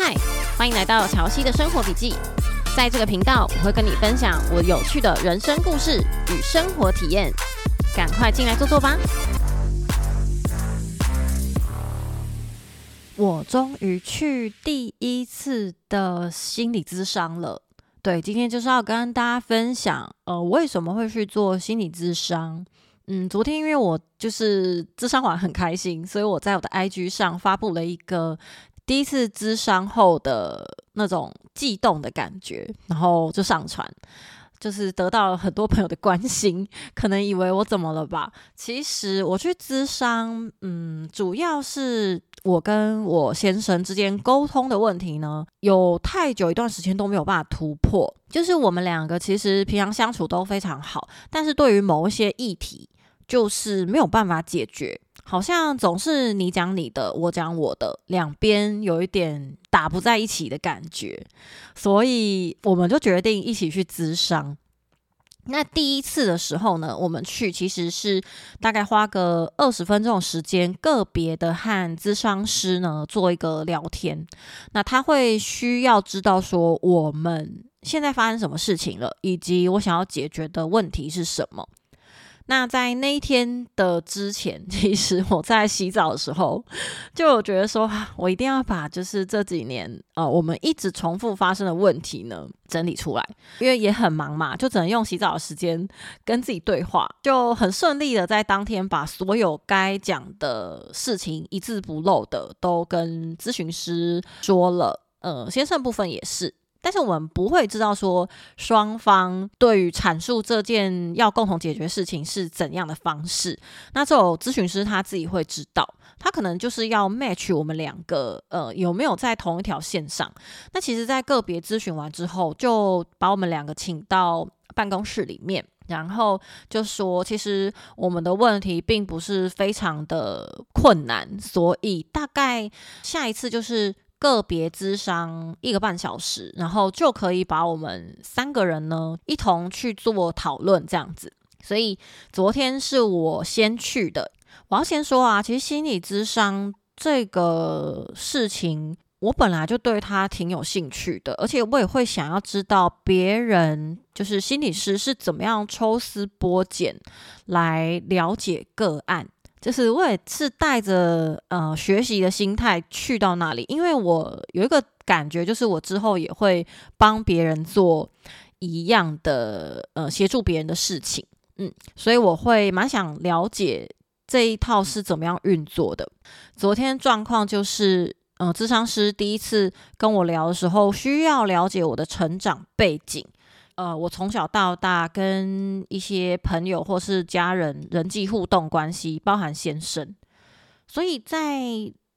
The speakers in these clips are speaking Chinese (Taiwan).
嗨，歡迎來到喬西的生活筆記。在這個頻道，我會跟你分享我有趣的人生故事與生活體驗。趕快進來坐坐吧！我終於去第一次的心理諮商了。對，今天就是要跟大家分享，呃，為什麼會去做心理諮商？嗯，昨天因為我就是諮商完很開心，所以我在我的 IG 上發布了一個。第一次諮商後的那種悸動的感覺，然後就上傳，就是得到了很多朋友的關心，可能以為我怎麼了吧？其實我去諮商，嗯，主要是我跟我先生之間溝通的問題呢，有太久一段時間都沒有辦法突破，就是我們兩個其實平常相處都非常好，但是對於某一些議題，就是沒有辦法解決。好像總是你講你的，我講我的，兩邊有一點打不在一起的感覺，所以我們就決定一起去諮商。那第一次的時候呢，我們去其實是大概花個二十分鐘的時間，個別的和諮商師呢做一個聊天。那他會需要知道說我們現在發生什麼事情了，以及我想要解決的問題是什麼。那在那一天的之前，其實我在洗澡的時候，就我覺得說我一定要把就是這幾年，呃，我們一直重複發生的問題呢，整理出來，因為也很忙嘛，就只能用洗澡的時間跟自己對話，就很順利的在當天把所有該講的事情一字不漏的都跟諮詢師說了，呃，先生部分也是。但是我們不會知道說雙方對於闡述這件要共同解決事情，是怎樣的方式。那這種諮詢師他自己會知道，他可能就是要 match 我們兩個，呃，有沒有在同一條線上。那其實，在個別諮詢完之後，就把我們兩個請到辦公室裡面，然後就說，其實我們的問題並不是非常的困難，所以大概下一次就是，個別諮商一個半小時，然後就可以把我們三個人呢一同去做討論這樣子。所以昨天是我先去的。我要先說啊，其實心理諮商這個事情，我本來就對他挺有興趣的，而且我也會想要知道別人，就是心理師是怎麼樣抽絲剝繭來了解個案。就是我也是帶着呃學習的心態去到那裡，因為我有一個感覺，就是我之後也會幫別人做一樣的呃協助別人的事情，嗯，所以我會蠻想了解這一套是怎麼樣運作的。昨天狀況就是，嗯、呃，諮商師第一次跟我聊的時候，需要了解我的成長背景。呃，我從小到大跟一些朋友或是家人人際互動關係，包含先生，所以在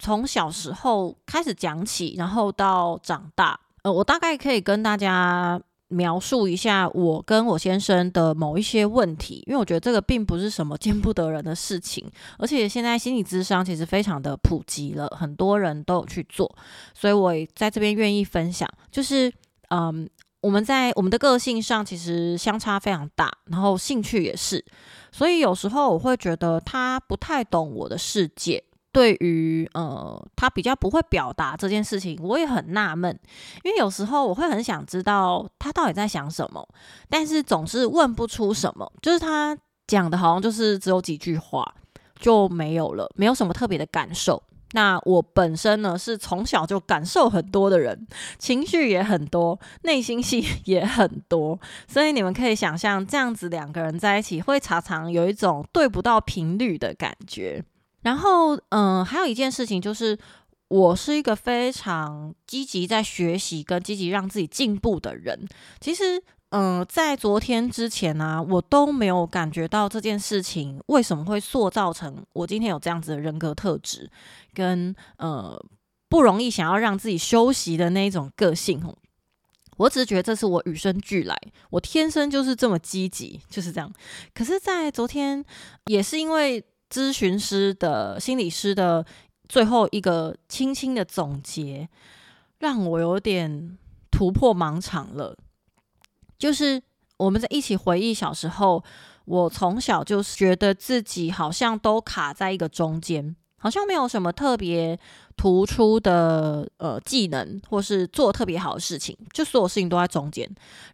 從小時候開始講起，然後到長大，呃，我大概可以跟大家描述一下我跟我先生的某一些問題，因為我覺得這個並不是什麼見不得人的事情，而且現在心理諮商其實非常的普及了，很多人都有去做，所以我在這邊願意分享，就是嗯。我們在我們的個性上其實相差非常大，然後興趣也是，所以有時候我會覺得他不太懂我的世界。對於呃，他比較不會表達這件事情，我也很納悶，因為有時候我會很想知道他到底在想什麼，但是總是問不出什麼，就是他講的好像就是只有幾句話就沒有了，沒有什麼特別的感受。那我本身呢是從小就感受很多的人，情緒也很多，內心戲也很多，所以你們可以想象這樣子兩個人在一起會常常有一種對不到頻率的感覺。然後，嗯、呃，還有一件事情就是，我是一個非常積極在學習跟積極讓自己進步的人。其實。嗯、呃，在昨天之前呢、啊，我都沒有感覺到這件事情為什麼會塑造成我今天有這樣子的人格特質，跟呃不容易想要讓自己休息的那一種個性。我只是覺得這是我與生俱來，我天生就是這麼積極，就是這樣。可是，在昨天、呃、也是因為諮詢師的心理師的最後一個輕輕的總結，讓我有點突破盲腸了。就是我們在一起回憶小時候，我從小就覺得自己好像都卡在一個中間，好像沒有什麼特別突出的呃技能，或是做特別好的事情，就所有事情都在中間。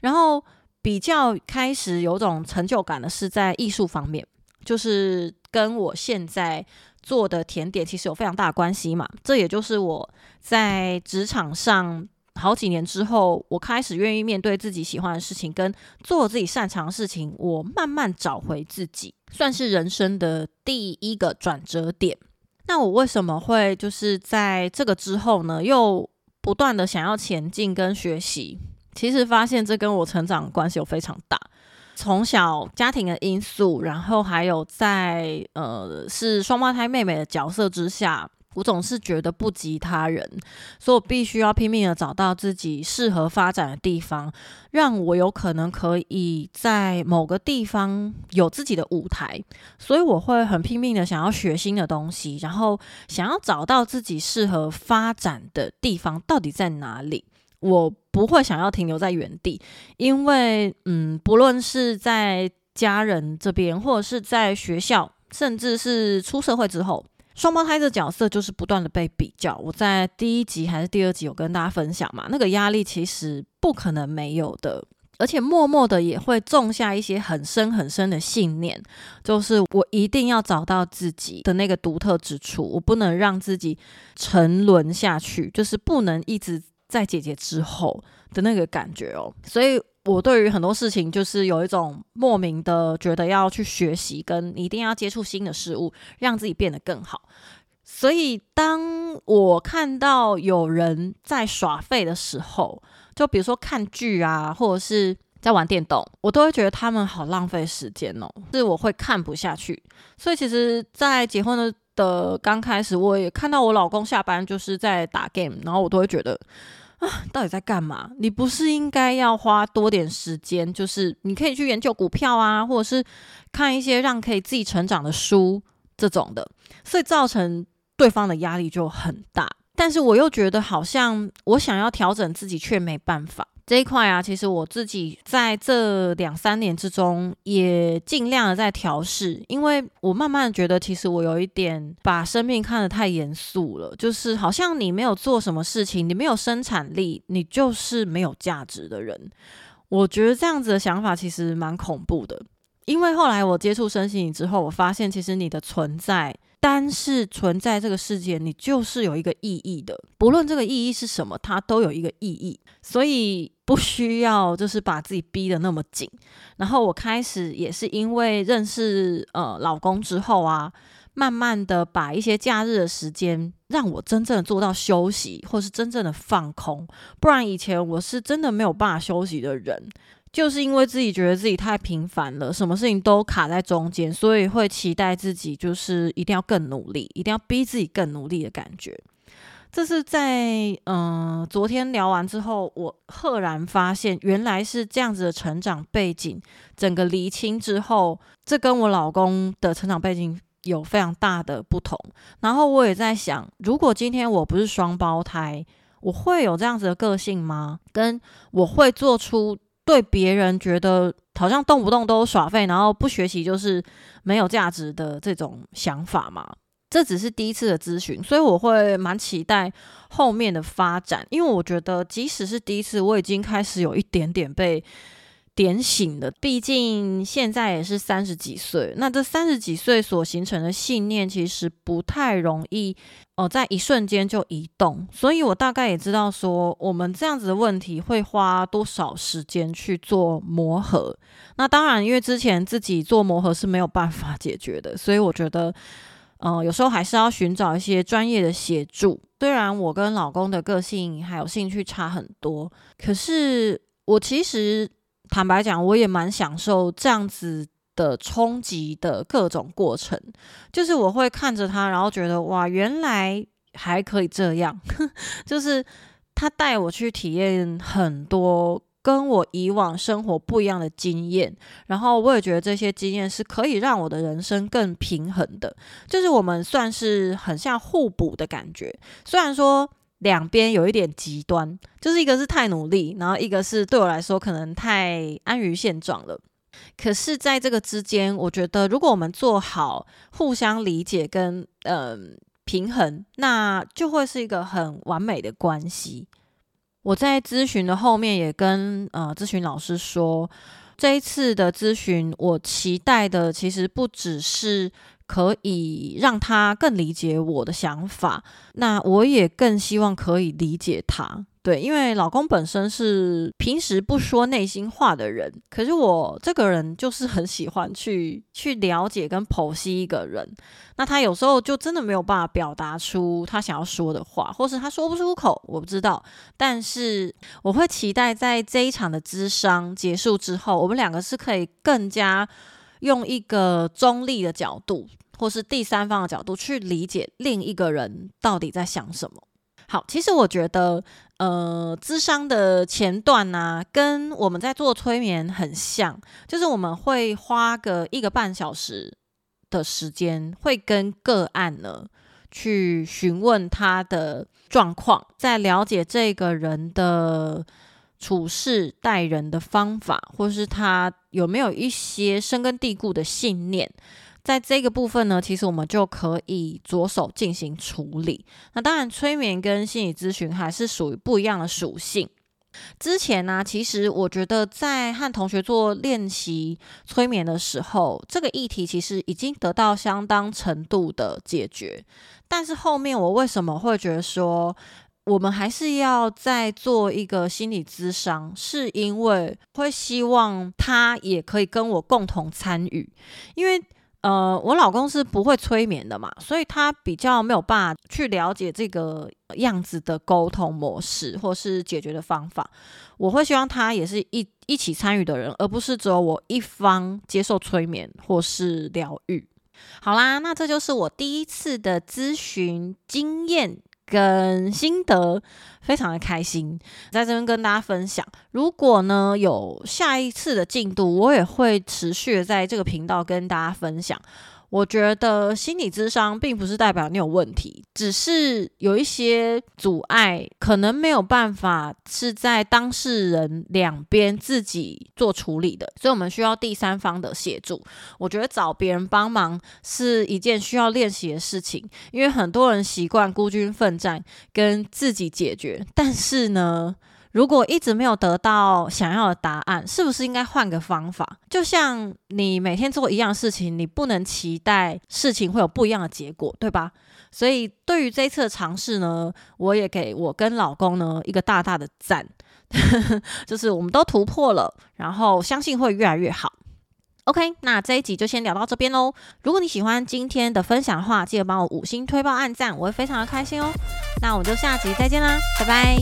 然後比較開始有種成就感的是在藝術方面，就是跟我現在做的甜點其實有非常大的關係嘛。這也就是我在職場上。好幾年之後，我開始願意面對自己喜歡的事情，跟做自己擅長的事情。我慢慢找回自己，算是人生的第一個轉折點。那我為什麼會就是在這個之後呢？又不斷的想要前進跟學習？其實發現這跟我成長的關係有非常大。從小家庭的因素，然後還有在呃是雙胞胎妹妹的角色之下。我總是覺得不及他人，所以我必須要拼命的找到自己適合發展的地方，讓我有可能可以在某個地方有自己的舞台。所以我會很拼命的想要學新的東西，然後想要找到自己適合發展的地方到底在哪裡。我不會想要停留在原地，因為嗯，不論是在家人這邊，或者是在學校，甚至是出社會之後。雙胞胎的角色就是不斷的被比較。我在第一集還是第二集有跟大家分享嘛，那個壓力其實不可能沒有的，而且默默的也會種下一些很深很深的信念，就是我一定要找到自己的那個獨特之處，我不能讓自己沉淪下去，就是不能一直在姐姐之後的那個感覺哦，所以。我對於很多事情就是有一種莫名的覺得要去學習，跟一定要接觸新的事物，讓自己變得更好。所以當我看到有人在耍廢的時候，就比如說看劇啊，或者是在玩電動，我都會覺得他們好浪費時間哦，是我會看不下去。所以其實，在結婚的的剛開始，我也看到我老公下班就是在打 game，然後我都會覺得。啊，到底在幹嘛？你不是應該要花多點時間，就是你可以去研究股票啊，或者是看一些讓可以自己成長的書這種的。所以造成對方的壓力就很大。但是我又覺得好像我想要調整自己卻沒辦法。這一塊啊，其實我自己在這兩三年之中也盡量的在調試，因為我慢慢覺得，其實我有一點把生命看得太嚴肅了，就是好像你沒有做什麼事情，你沒有生產力，你就是沒有價值的人。我覺得這樣子的想法其實蠻恐怖的，因為後來我接觸身心靈之後，我發現其實你的存在，單是存在這個世界，你就是有一個意義的，不論這個意義是什麼，它都有一個意義，所以。不需要，就是把自己逼得那麼緊。然後我開始也是因為認識呃老公之後啊，慢慢的把一些假日的時間讓我真正的做到休息，或是真正的放空。不然以前我是真的沒有辦法休息的人，就是因為自己覺得自己太平凡了，什麼事情都卡在中間，所以會期待自己就是一定要更努力，一定要逼自己更努力的感覺。這是在嗯、呃，昨天聊完之後，我赫然發現原來是這樣子的成長背景，整個釐清之後，這跟我老公的成長背景有非常大的不同。然後我也在想，如果今天我不是雙胞胎，我會有這樣子的個性嗎？跟我會做出對別人覺得好像動不動都耍廢，然後不學習就是沒有價值的這種想法嗎？這只是第一次的諮詢，所以我會蠻期待後面的發展，因為我覺得即使是第一次，我已經開始有一點點被點醒了。畢竟現在也是三十幾歲，那這三十幾歲所形成的信念，其實不太容易哦、呃，在一瞬間就移動。所以我大概也知道，說我們這樣子的問題會花多少時間去做磨合。那當然，因為之前自己做磨合是沒有辦法解決的，所以我覺得。嗯、呃，有時候還是要尋找一些專業的協助。雖然我跟老公的個性還有興趣差很多，可是我其實坦白講，我也蠻享受這樣子的衝擊的各種過程。就是我會看着他，然後覺得哇，原來還可以這樣。 就是他帶我去體驗很多，跟我以往生活不一樣的經驗，然後我也覺得這些經驗是可以讓我的人生更平衡的，就是我們算是很像互補的感覺。雖然說兩邊有一點極端，就是一個是太努力，然後一個是對我來說可能太安於現狀了。可是，在這個之間，我覺得如果我們做好互相理解跟嗯、呃、平衡，那就會是一個很完美的關係。我在諮詢的後面也跟呃諮詢老師說，這一次的諮詢我期待的其實不只是可以讓他更理解我的想法，那我也更希望可以理解他。對，因為老公本身是平時不說內心話的人，可是我這個人就是很喜歡去去了解跟剖析一個人。那他有時候就真的沒有辦法表達出他想要說的話，或是他說不出口，我不知道。但是我會期待在這一場的諮商結束之後，我們兩個是可以更加用一個中立的角度，或是第三方的角度去理解另一個人到底在想什麼。好，其實我覺得。呃，諮商的前段呢，啊，跟我們在做催眠很像，就是我們會花個一個半小時的時間，會跟個案呢去詢問他的狀況，在了解這個人的處事待人的方法，或是他有沒有一些深根蒂固的信念。在這個部分呢，其實我們就可以着手進行處理。那當然，催眠跟心理諮詢還是屬於不一樣的屬性。之前呢、啊，其實我覺得在和同學做練習催眠的時候，這個議題其實已經得到相當程度的解決。但是後面我為什麼會覺得說我們還是要再做一個心理諮商，是因為會希望他也可以跟我共同參與，因為。呃，我老公是不會催眠的嘛，所以他比較沒有辦法去了解這個樣子的溝通模式或是解決的方法。我會希望他也是一一起參與的人，而不是只有我一方接受催眠或是療癒。好啦，那這就是我第一次的諮詢經驗。跟心得，非常的開心，在這邊跟大家分享。如果呢，有下一次的進度，我也會持續的在這個頻道跟大家分享。我覺得心理諮商並不是代表你有問題，只是有一些阻礙，可能沒有辦法是在當事人兩邊自己做處理的，所以我們需要第三方的協助。我覺得找別人幫忙是一件需要練習的事情，因為很多人習慣孤軍奮戰，跟自己解決，但是呢，如果一直沒有得到想要的答案，是不是應該換個方法？就像你每天做一樣事情，你不能期待事情會有不一樣的結果，對吧？所以對於這一次的嘗試呢，我也給我跟老公呢一個大大的讚， 就是我們都突破了，然後相信會越來越好。OK，那這一集就先聊到這邊嘍。如果你喜歡今天的分享的話，記得幫我五星推爆、按讚，我會非常的開心哦。那我們就下集再見啦，拜拜。